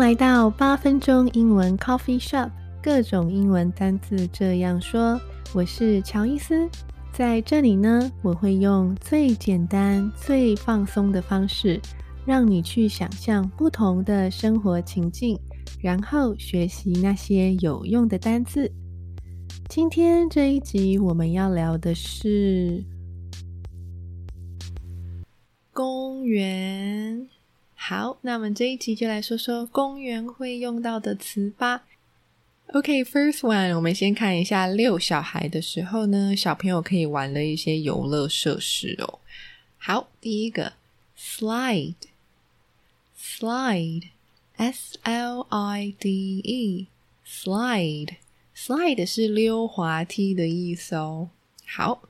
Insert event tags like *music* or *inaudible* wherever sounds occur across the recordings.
來到八分鐘英文 coffee shop，各種英文單詞這樣說。我是喬伊斯，在這裡呢，我會用最簡單、最放鬆的方式，讓你去想象不同的生活情境，然後學習那些有用的單詞。今天這一集我們要聊的是公園。好，那我們這一集就來說說公園會用到的詞吧。OK，first one，我們先看一下遛小孩的時候呢，小朋友可以玩的一些遊樂設施哦。好，第一個 slide，slide，s l i d e，slide，slide 是溜滑梯的意思哦。好。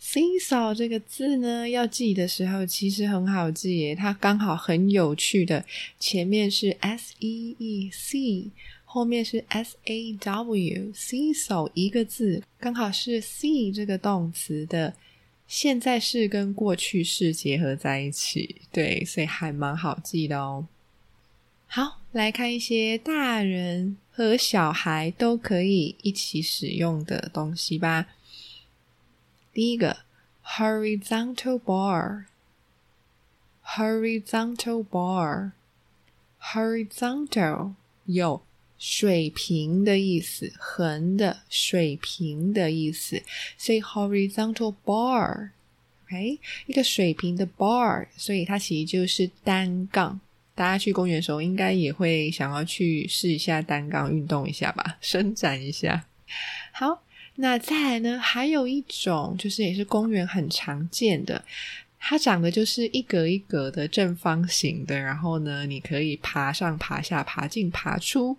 seesaw 這個字呢，要記的時候其實很好記耶，它剛好很有趣的，前面是 s e e C，後面是 s a w，seesaw 一個字剛好是 see 這個動詞的現在式跟過去式結合在一起，對，所以還蠻好記的哦。好，來看一些大人和小孩都可以一起使用的東西吧。第一個，horizontal bar。horizontal bar，horizontal 有水平的意思，橫的水平的意思。所以 horizontal bar，好，okay？一個水平的 bar，所以它其實就是單槓。大家去公園的時候，應該也會想要去試一下單槓，運動一下吧，伸展一下。好。那再來呢？還有一種就是也是公園很常見的，它長得就是一格一格的正方形的，然後呢，你可以爬上爬下、爬進爬出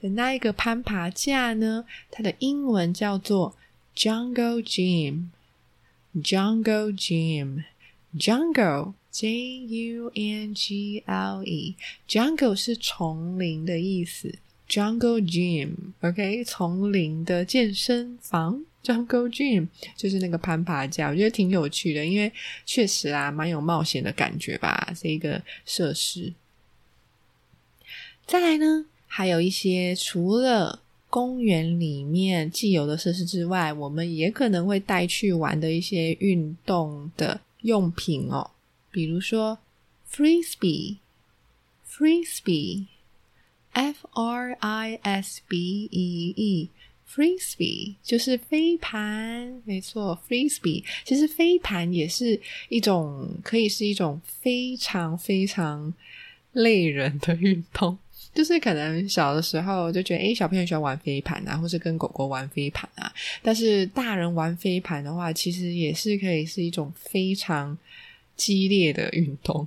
的那一個攀爬架呢，它的英文叫做 Jungle Gym，Jungle Gym，Jungle，J U N G L E，Jungle 是叢林的意思。Jungle Gym，OK，okay? 叢林的健身房。Jungle Gym 就是那個攀爬架，我覺得挺有趣的，因為確實啊，蠻有冒險的感覺吧。這一個設施，再來呢，還有一些除了公園裡面既有的設施之外，我們也可能會帶去玩的一些運動的用品哦，比如說 Frisbee，Frisbee frisbee。F R I S B E E，frisbee 就是飛盤，沒錯，frisbee 其實飛盤也是一種可以是一種非常非常累人的運動。就是可能小的時候就覺得，哎、欸，小朋友喜歡玩飛盤啊，或是跟狗狗玩飛盤啊。但是大人玩飛盤的話，其實也是可以是一種非常激烈的運動。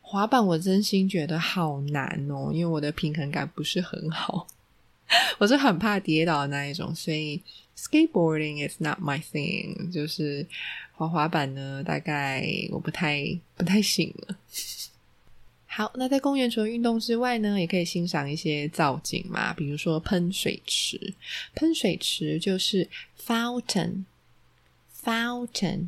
滑板我真心覺得好難哦，因為我的平衡感不是很好， *laughs* 我是很怕跌倒的那一種，所以 skateboarding is not my thing，就是滑滑板呢，大概我不太不太行了。 *laughs* 好，那在公園除了運動之外呢，也可以欣賞一些造景嘛，比如說噴水池，噴水池就是 fountain，fountain fountain。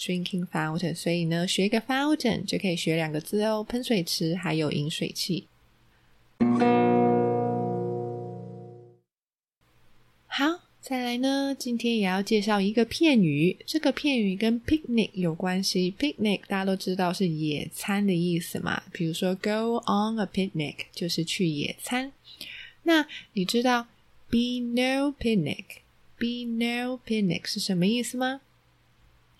Drinking fountain，所以呢，學一個 fountain 就可以學兩個字哦，噴水池還有飲水器。好，再來呢，今天也要介紹一個片語，這個片語跟 picnic 有關係。picnic 大家都知道是野餐的意思嘛，比如說 go on a picnic 就是去野餐。那你知道 be no picnic，be no picnic 是什麼意思嗎？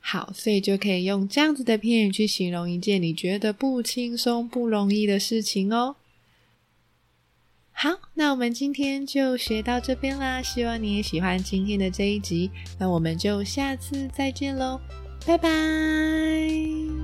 好，所以就可以用這樣子的片語去形容一件你覺得不輕鬆、不容易的事情哦。好，那我們今天就學到這邊啦。希望你也喜歡今天的這一集，那我們就下次再見嘍，拜拜。